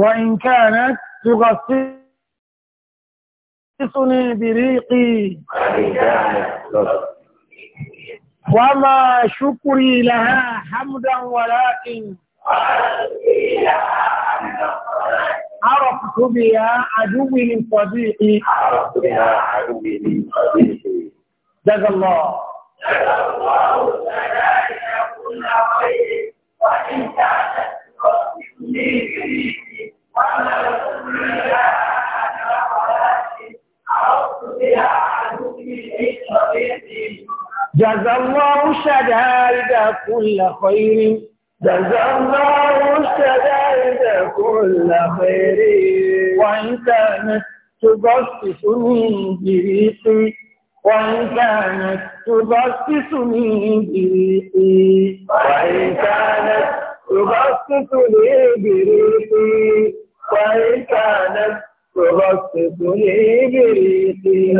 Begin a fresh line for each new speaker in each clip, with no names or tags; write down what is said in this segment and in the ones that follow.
وإن كانت تغطسني بريقي وما شكري لها حمدا ولكن عرفت بها عدوي من صديقي عرفت بها عدوي من صديقي جزا الله جزا الله ذلك كل خير وإن كانت تغطسني بريقي جزا الله شدائد كل خير جزا الله شدائد كل خير وإن كانت تبصصني بريقي وإن كانت تبصصني بريقي وإن كانت تبصصني بريقي وإن كانت تغطس لي بريقي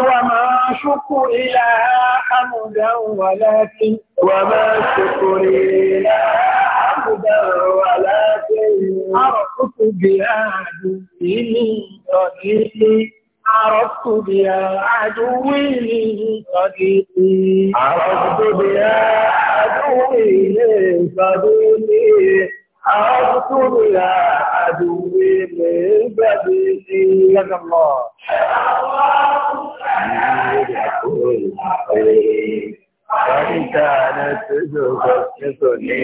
وما شكري لها حمدا ولكن وما شكري لها حمدا ولكن عرفت بها عدوي صديقي عرفت بها عدوي صديقي عرفت بها عدوي صديقي عرفت بها عدوي من بديل يد الله
يقول
وإن كانت تغسطني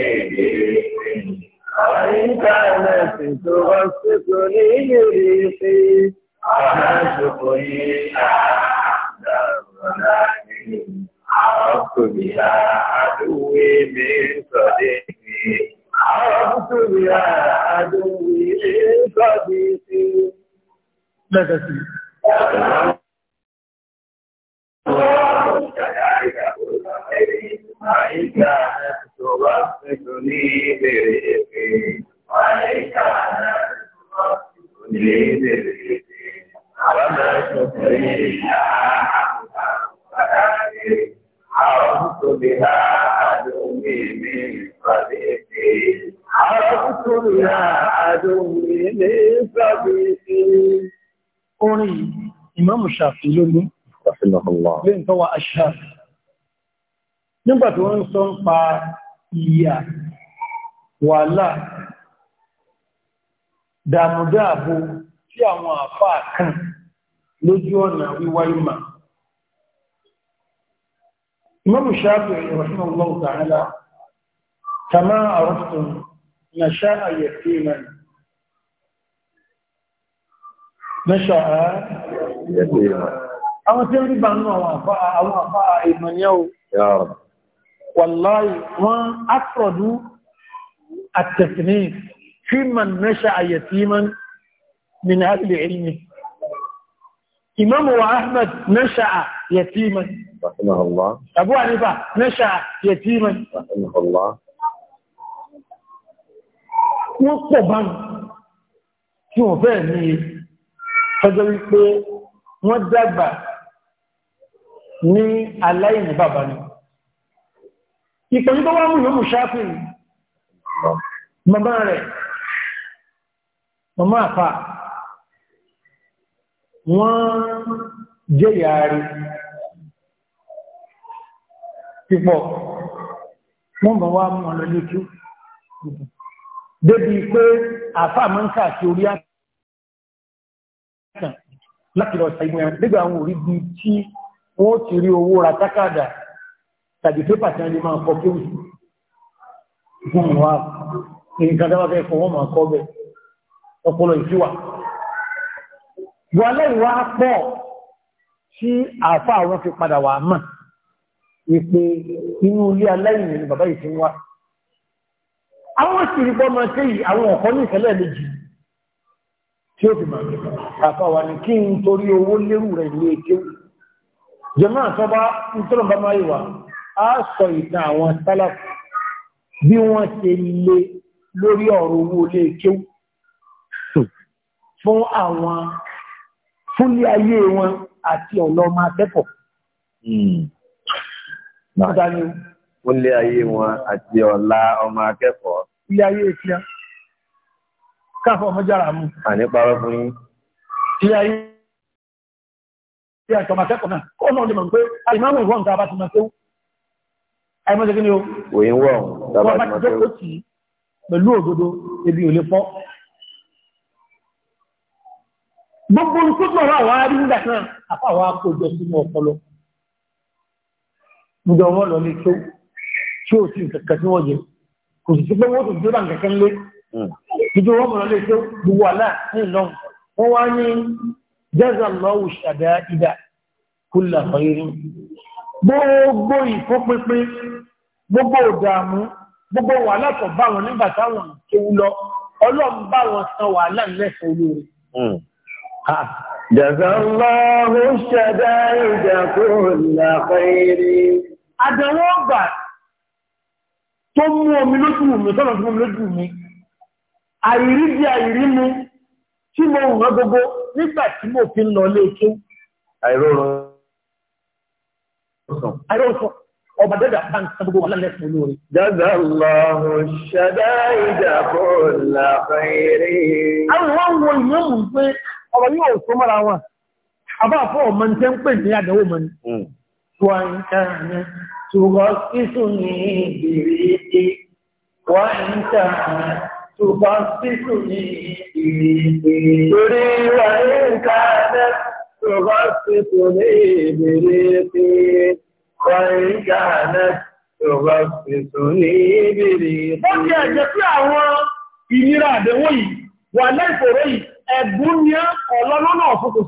وإن كانت تغسطني ريحي فما شكري ولكن عرفت بها عدوي من صديقي عرفت يا عدوي صديقي لا تسمع عليك تغفلني بريقي عليك تغفلني بريقي lónìí lè ń tọ́wà aṣá nígbà tí wọ́n ń sọ ń pa ìyà wàhálà tí àwọn àfáà kan lójú ọ̀nà wíwá ìmà imamu shafi rahimahullahu ta'ala kama na sha'a mẹ́ṣà àwọn tí ó rí bá náà àwọn àfá ìmọ̀nyáwó wàláyé wọ́n afrọ̀dú àtẹ̀fìní fi man mẹ́ṣà àyẹ̀tíman min ahli ilmi imamu wa ahmad mẹ́ṣà yatiman abu hanifa mẹ́ṣà yatiman wọ́n pọ̀ bá tí wọ́n fẹ́ ní tọ́jọ́ wípé wọ́n dàgbà ní aláìní bàbá ni ìpẹ̀lú tó wá mú yóò mú ṣáfì màmá rẹ̀ màmá àfà wọ́n jẹ́ ìyàrí pípọ̀ wọ́n mọ̀ wá mọ̀ lọ lókú débi pé àfà mọ́ ń kà sí orí àti kan láti lọ ṣàìmú ẹran nígbà àwọn orí bí tí wọ́n ti rí owó ra tákàdà tàbí pépà tí wọ́n lè máa kọ kéwù fún wa nǹkan dáwà bẹ́ẹ̀ fún wọn máa kọ́ bẹ́ẹ̀ ọpọlọ ìsíwà wà lẹ́yìn wá pọ̀ tí àfá àwọn fi padà wà mà ìpè inú ilé aláìní ni bàbá yìí ti ń wá àwọn sì rí bọ́ máa àwọn ọ̀kọ́ ní ìṣẹ̀lẹ̀ méjì tí ó fi máa ní àfàwà ní kí n torí owó lérù rẹ̀ ní èké jẹ́mọ́ àtọ́bá nítorí bá máa yíwa á sọ ìtàn àwọn sálàf bí wọ́n ṣe lé lórí ọ̀rọ̀ owó lé èké fún àwọn fúnlé ayé wọn àti ọ̀lọ́ máa tẹ́kọ̀ọ́ hmm. Fúnlé ayé wọn àti ọ̀la ọmọ akẹ́kọ̀ọ́. Ilé ayé ìfihàn káfọ́ ọmọjára mú. àní parọ́ fún yín. tí a yí tí a tọmọ akẹ́kọ̀ọ́ náà kó náà lè mọ̀ pé àìmáàmù ìwọ̀n tá a bá ti máa tó àìmọ́ ṣe kí ni o. òye wọ̀ tá a bá ti máa tó. pẹ̀lú òdodo ebi ò lè fọ́. gbogbo olùkóso ọ̀rọ̀ àwọn arí nígbà náà àpá àwọn akójọ sínú ọpọlọ. ǹjẹ́ wọ́n lọ ní tó tí ó sì kẹ̀kẹ́ tí wọ́n jẹ kò sì sí pé wọ́n tó dé bá nǹkan lé. Hmm ìjọ wọ́n mọ̀ràn lè tó gbogbo àlá ní ìlọ́run wọ́n wá ní jazallahu shada'ida kulla khairin gbogbo ìfọ́pẹ́pẹ́ gbogbo ìdààmú gbogbo wàhálà tó bá wọn nígbà táwọn kéwú lọ ọlọ́run bá wọn san wàhálà lẹ́sẹ̀ olóore. Hmm. jazallahu shada'ida kulla khairin. àdánwò ọgbà tó mú omi lójú mi tọ́lọ̀ fún omi lójú mi àìrí bí àìrí mu tí mo hàn gbogbo nígbà tí mo fi ń lọ lé ike àìrọ̀rọ̀ ọba dẹ́dà bá ń sọ gbogbo wọn lẹ́sìn olóore. lọ́hùn ṣẹ̀dá àwọn wo mú pé ọ̀rọ̀ yóò mọ́ra wọn àbá fún ọmọ ní pè ní mọ́ni. Hmm. ń ní تبصرني بري وإن كانت تبصرني بريقي وإن كانت تبصرني بريقي. Ó jẹ́ ẹ̀jẹ̀ sí àwọn ìnira àdéhùn yìí, wà lẹ́ìfòrò yìí, ẹ̀bùn ní ọ̀lọ́lọ́nà mo tún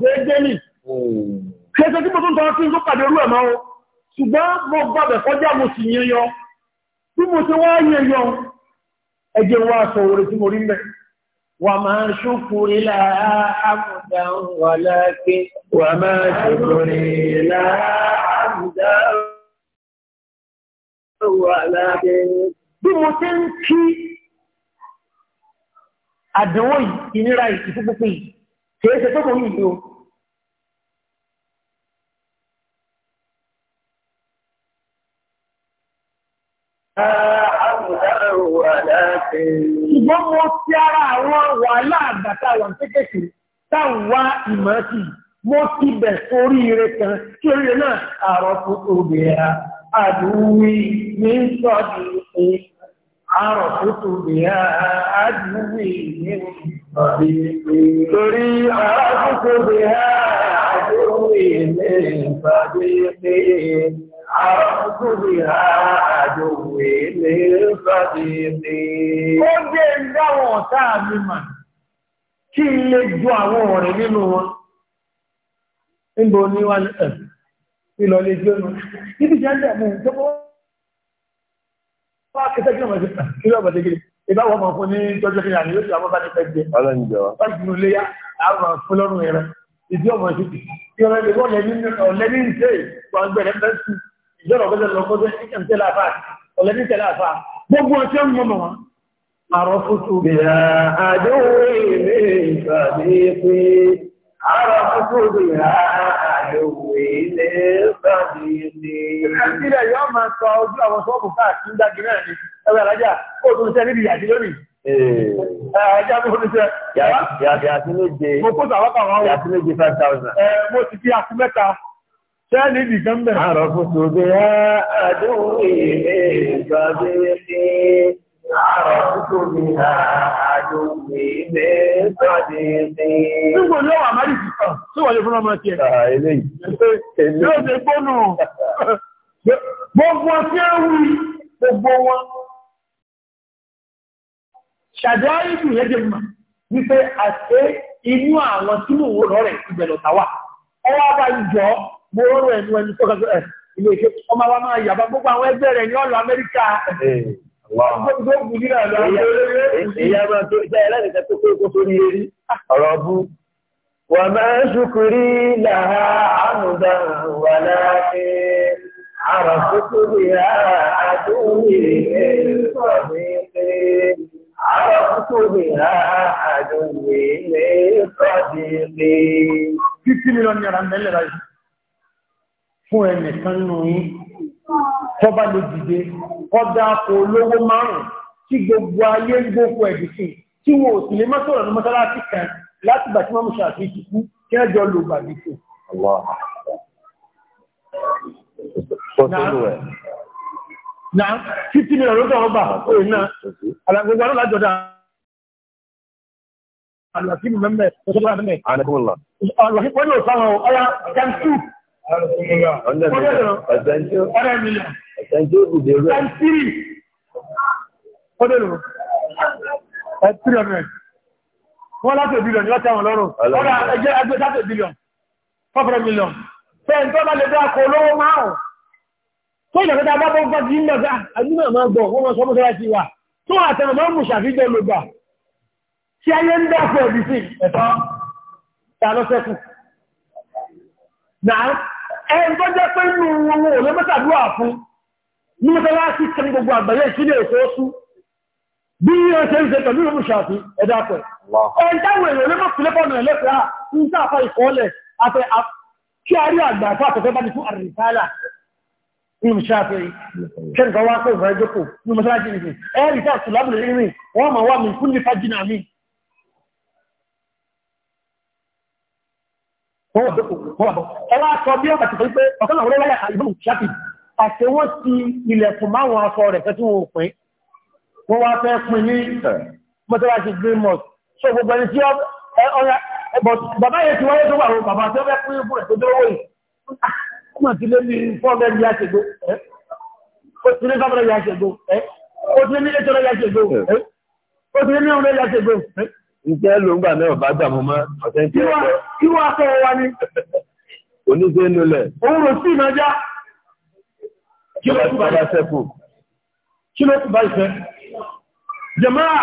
tọrọ sí ṣùgbọ́n mo gbàbẹ̀ kọjá mo sì yẹn yọ. Bí mo ṣe wá yẹn yọ, ẹjẹ́ wá sọ orí tí mo rí mẹ́. Wà máa ń ṣúkúrí láàá àmúdá wà láàké, wà máa ṣúkúrí láàá àmúdá wà láàké. Bí mo ti ń kí àdánwò ìnira ìfúkúkú yìí, kìí ṣe tó kò yìí o. Ṣùgbọ́n mo ti ara àwọn wàhálà àgbàtà wà kékèké táwọn wá ìmọ̀ sí, mo ti bẹ̀ sórí ire kan kí náà àrọ̀ tó tóbi ẹ̀ àdúwí ní sọ́dí ṣe àrọ̀ tó tóbi ẹ̀ àdúwí ní Torí àrọ̀ àdúwí ní Àkúrìhá àdòwè lè fàdé ní. Ó dé dáwọn ọ̀tá mi mà kí n lè ju àwọn ọ̀rẹ́ nínú wọn. Níbo ni wá ní ẹ̀ ìlọ lè jẹ́ nu. Ibi jẹ́ ń dẹ̀ mú tó bọ́. Wá kẹsẹ́ kí ló máa ṣe kí ló Ìbá wọ́n máa fún ní tọ́jú kí àná yóò ṣe àwọn bá fẹ́ gbé. Ọlọ́run jọ. Wọ́n àwọn fún lọ́rùn Ìdí ọmọ ìṣèkì. Ìrọ̀lẹ́ wọ́n lẹ́ni ń ṣe ìgbàgbẹ́rẹ́ fẹ́ sùn ìjọba ọgbẹ́sẹ̀ lọ́kọ́jẹ́ ìkẹ̀mtẹ́lá àfáà ọ̀lẹ́nìtẹ̀lá àfáà gbogbo ọ̀tí ọmọ mọ̀ wọn àrọ̀ fútù bìrà àdéhùn ìwé ìfàdé pé àrọ̀ fútù bìrà àdéhùn ilé ìfàdé pé. ìrẹsílẹ̀ yóò máa sọ ojú àwọn sọ́ọ̀bù káàkiri ń dági náà ni ẹgbẹ́ alájà kó o tún sẹ́ níbi ìyàtí lónìí. Ẹja mi fún iṣẹ́. Yàtí méje. Mo kó sàwọ́pà wọn. Yàtí méje five thousand. Mo ti fi àti mẹ́ta. Tẹ́lì ìdì kan bẹ̀. Àrọ̀kùtù bí á àdúrú ilé ìgbàgbé ní àrọ̀kùtù bí á àdúrú ilé ìgbàgbé ní. Nígbò ní ọwà máa dìtì kan tí wọ́n lè fún ọmọ ti ẹ̀. Ilé ìlú. Yóò mọ̀ wípé àṣẹ inú àwọn tí mò ń rọrẹ̀ ìbẹ̀lọ̀ta wà. Ọwọ́ abájọ́ mo rọrùn ẹ̀nu ẹni tó kàtó ẹ̀ ilé ìṣe ọmọ wa máa yàbá gbogbo àwọn ẹgbẹ́ rẹ̀ ní ọ̀lọ́ Amẹ́ríkà gbogbo nílẹ̀ ọ̀lọ́ Amẹ́ríkà. máa tó ìjà ẹlẹ́nìkà tó kó kó sórí eré ọ̀rọ̀ bú. wà á máa ń ṣùkúrí làhà àmùdá wà láàkè àràfókòrè àdúgbò ìrẹsọ̀mẹ́tẹ́ àràfókòrè àdúgbò ìrẹsọ̀mẹ́tẹ́. fifty million naira mẹ́lẹ̀ báyìí fún ẹnìkan nù yín tó bá lè dìde kọjá kò lówó márùn tí gbogbo ayé ń gbókò ẹ̀dì sí tí wọn ò sì lè mọ́tò ọ̀rọ̀ mọ́sálásí kan láti gbà tí wọ́n mú ṣàfihàn ti kí ẹjọ́ lò gbàgbé tó. Nà títí ní ọ̀rọ̀ ọ̀gbà òye náà, àlàgbègbè ọ̀rọ̀ lájọ̀dá. Àlàkí mẹ́mẹ́, ọ̀sọ́gbà mẹ́mẹ́. mẹ́mẹ́ ọ̀nà mílíọ̀n ọ̀sán tí ó ọ̀sán tí ó kù dé rẹ̀. wọ́n láti bílíọ̀n yọ́ tẹ́wọ̀n lọ́rùn ọ̀dà ẹgbẹ́ ẹgbẹ́ láti bílíọ̀n fọ́fọ́rọ̀ mílíọ̀n fẹ́ẹ̀ tó bá lè dá kò lówó márùn tó ìjọba bá bọ́ bá jí ń lọ́gá àdúgbà máa gbọ̀ wọ́n mọ̀ sọ́mọ́sára ti wà tó àtẹ̀rọ̀ máa mú ṣàfihàn lọ́gbà tí ayé ń dá fún ẹ̀bí sí ẹ̀tọ́ ta lọ́sẹ́kù náà ẹn tó jẹ́ pé inú owó olè mẹ́sàdúwà fún ní mẹ́sàlásí kan gbogbo àgbáyé ìṣílẹ̀ èso oṣù bí i ṣe ń ṣe pẹ̀lú ìlú ṣàfi ẹ̀dá pẹ̀ ẹn táwọn èrò olè mọ́sílẹ̀ bọ́ọ̀nà ẹlẹ́fẹ̀ẹ́ ń sáfà ìkọọ́lẹ̀ afẹ́ kí a rí àgbà fún àtọ̀fẹ́ bá ní wọ́n wà lókò wọ́n wà bọ́. ẹ wá sọ bí ọ̀pàá ti sọ pé ọ̀kan àwọn olóyè àìbọ̀n ṣáàpì àti wọ́n ti ilẹ̀kùn máwọn aṣọ rẹ̀ fẹ́ tí wọ́n pín wọ́n wá fẹ́ pín ní mọ́tàláṣí green mosque so gbogbo ẹni ẹ́ ó ah, ní fọ́ọ̀mù ẹni yàṣẹ̀gbó ẹ́ Ǹjẹ́ ló ń gbà náà bá dàmú mọ́ ọ̀sẹ̀ tí ó lọ. Kí wọ́n aṣọ wa ni? Oníṣẹ́ ń lulẹ̀. Òun rò sí ìnájá. Kí ló tún bá yà sẹ́kù? Kí ló tún bá ìfẹ́? Jẹ̀máà,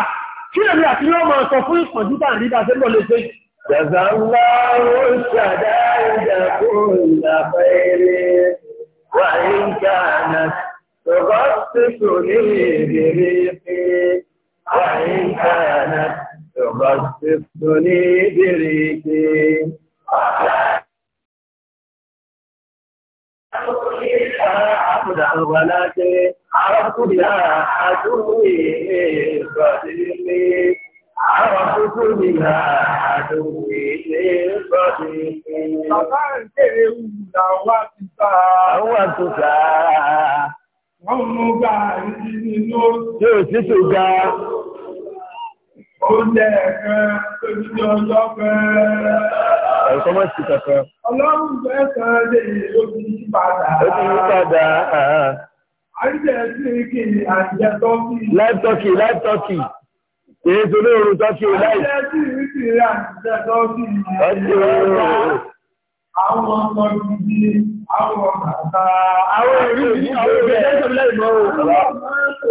kí èmi àti yóò máa sọ fún ìpọ̀jú tà nígbà tó lọ lè ṣe. Jàzá تغسطني بريقي ولكن عرفت بها عدوي قديمي عرفت بها عدوي قديمي Bàbá ń kéré wùdà wá ti bá. Wọ́n tó sáà. Wọ́n mú bá ìdí nínú. Yóò sí tó ga. Oúnjẹ ẹ̀kan tó jíjẹ ọjọ́ pẹ́ẹ́rẹ́. Ẹ̀kọ́ mọ́ sí Ọlọ́run fẹ́ kan lè ó ti padà. Ó ti yí padà. Àìjẹ́ sí kí àjẹ́ tọ́kì. Láì tọ́kì, láì tọ́kì. Èyí tó ní oorun tọ́kì láì. Àìjẹ́ sí kí àjẹ́ tọ́kì. Ọjọ́ À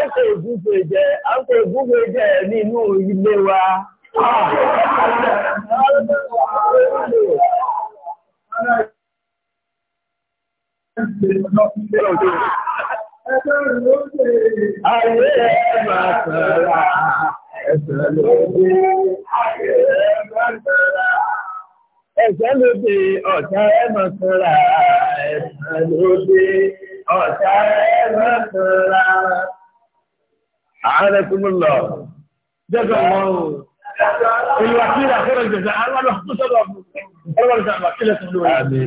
ń ṣe ìgúfe jẹ, à ń ṣe ìgúfe jẹ nínú ilé wa. Ayé ẹ̀ máa sọ̀rọ̀, ẹ̀sẹ̀ ló dé. Ayé ẹ̀ máa sọ̀rọ̀ ẹ̀sẹ̀ ló dé ọ̀tá ẹ̀ máa sọ̀rọ̀, ẹ̀sẹ̀ ló dé ọ̀tá ẹgbẹ́ ńlá. Ààrẹ tó mú lọ. Jẹ́jọ́ mọ́ o. Olùwàkílà fẹ́rẹ̀ jẹ̀jẹ̀ aláwọ̀ tó sọ́dọ̀ fún ọlọ́wọ́n ìjà àbàkílẹ̀ tó lórí.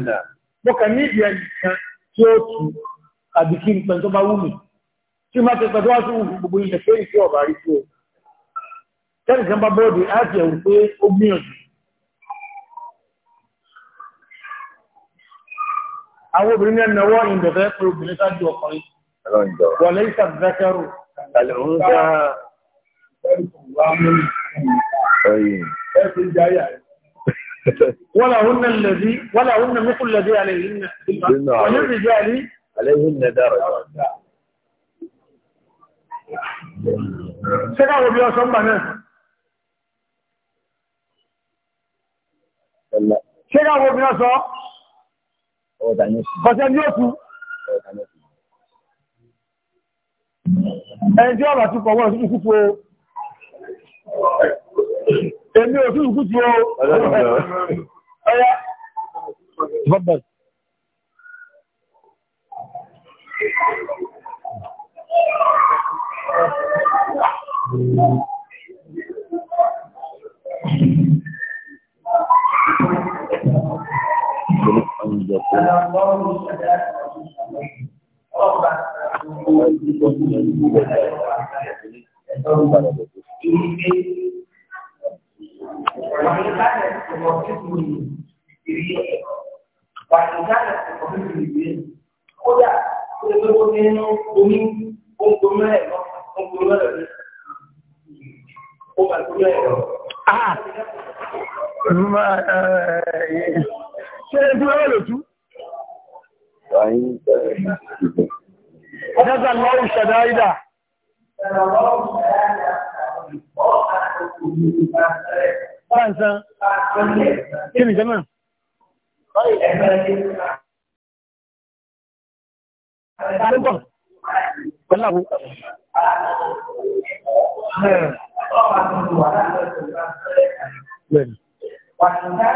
Mo kàn ní ìdí ẹni kan tí bá wù Tí máa ti pẹ̀tọ́ wá sí gbogbo ilẹ̀ pé ìfẹ́ ọ̀bà rí tó. Tẹ́lifíṣàn bá bọ́ọ̀dù á jẹun pé ó gbìyànjú. أوبرنا النوى إن ذكر بنت الجوفري وليس الذكر الأنثى ولا هن الذي ولا هن مثل الذي عليهن وللرجال عليهن درجة سنة وبيو سنبنا سنة Kọ̀ṣẹ́ ní òkú. Ẹni tí ọ̀rọ̀ tún kọ̀wọ́ òsìkú kúkú o. Èmi òsìkú kúkú o. Thank you. على الله الشهاده والصلاه ربنا Báǹsán, kí ni jẹ́mọ̀? Púpọ̀, pẹ̀lú àwọn Bẹ́ẹ̀ni. Báǹsán,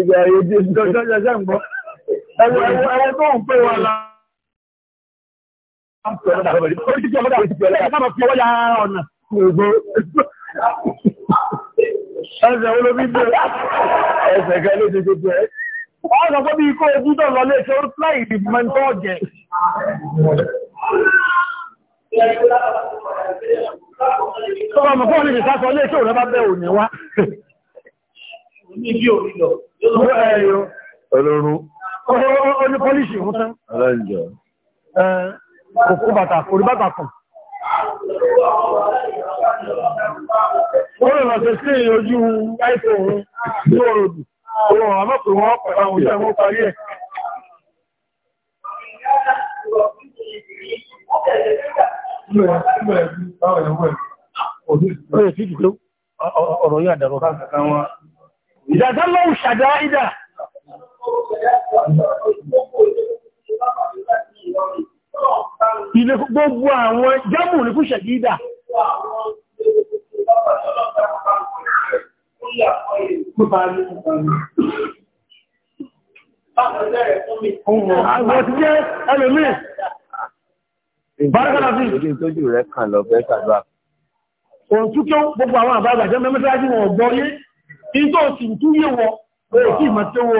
ìgbà ayé díẹ̀ jọjọ jẹjẹ ń bọ ẹwọ ẹwọ tó ń pè wá la. Ẹsẹ̀ olóbi gbé ẹsẹ̀ kan ló ti gbogbo ẹ̀. Wọ́n sọ pé bí ikú ojú tó lọ léṣe ó láì ìdìbò tó jẹ. mọ̀ fún ọ̀lẹ́dẹ̀ sá sọ léṣe bá bẹ̀ òní wá oníbi òní lọ. Olóró. Ó ní pọ́líṣì fún tán. Ọlọ́njọ́. Kò kó bàtà, kò rí bàtà kan. Ó lè lọ sí sí ojú láìpẹ́ òun ní òròdù. Òun àmọ́ pé wọ́n pẹ̀lú àwọn òṣèlú wọn parí ẹ̀. Ọ̀rọ̀ yóò dàrọ̀ ìdàdánlọ́ òṣàdá ìdà ilé gbogbo àwọn jámù ní fún ṣẹ̀dí ìdà Àwọn ti jẹ́ ẹlòmí. Bárakàlá sí. Ìgbé tójú rẹ̀ kàn lọ bẹ́ẹ̀ sàdúrà. Òǹtúkẹ́ gbogbo àwọn àbágbàjẹ́ mẹ́mẹ́sáájú wọn gbọ́ yé tí tó sì ń túyé wọ bẹ́ẹ̀ sí ìmọ̀ tó wọ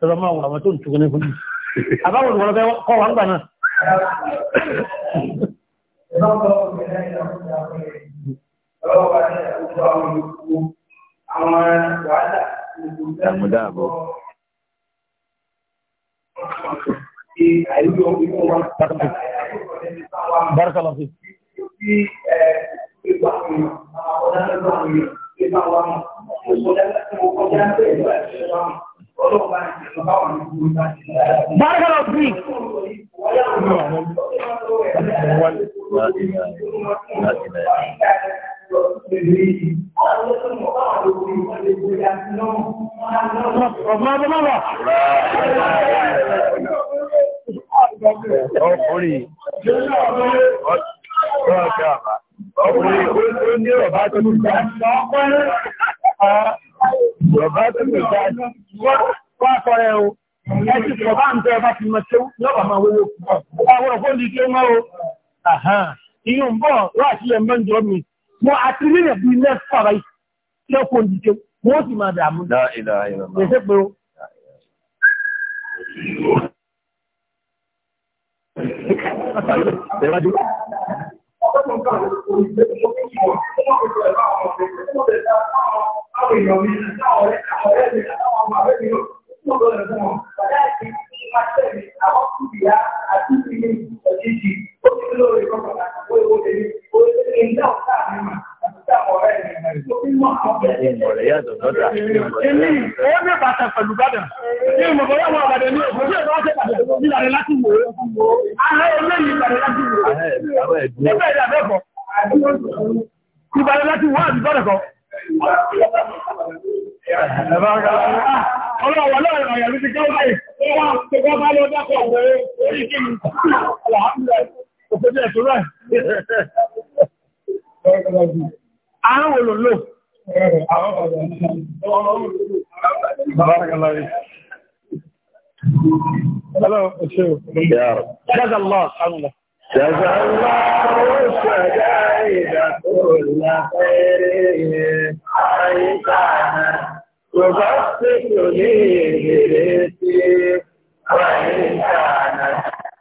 ìrọmọ àwọn tó ń tukọ́ ní fún mi àbáwọn ìgbà àwọn ọ̀dà nígbà àwọn ìgbà wa ìṣọ̀dá ìwọ̀n kọjá ń bẹ̀rẹ̀ ìgbà ìṣọ̀dá ọlọ́run bá ń ṣe bá wọn ní gbogbo ìgbà ìṣọ̀dá. bákan náà bí. Ọkùnrin, ọjọ́ àbá ọkùnrin tó ní ọ̀bá tó ní ìjà ọ̀bá tó ní ìjà wọ́n sọ ẹ o ẹtì sọ bá ń tẹ ọba fi mọ ṣe lọ́wọ́ máa wọ́wọ́ àwọn ọ̀pọ̀ ní ṣe mọ́ o ìyún bọ̀ wá sí ẹ̀mọ́ ń jọ mi mo àti rírẹ̀ bíi mẹ́fà báyìí lọ́kùn ní ṣe wọ́n sì máa dààmú ṣe pé o. Thank you. Èmi, ẹ̀yẹ́ mi bàtà pẹ̀lú bàdàn. Ní ìmọ̀ bọ̀yá wọn àbàdàn ní òkú, ní ìbáwọ́ tẹ́ bàdàn, ní ìlànà láti wò ó. Àwọn olùlò. Hello, ṣe o. Jaza Allah, Allah.
Jaza Allah, ó ṣẹ̀dá ìdàkó
láfẹ́rẹ́ àyíká náà. Kò bá ṣètò ní ìrètí àyíká náà.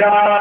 God.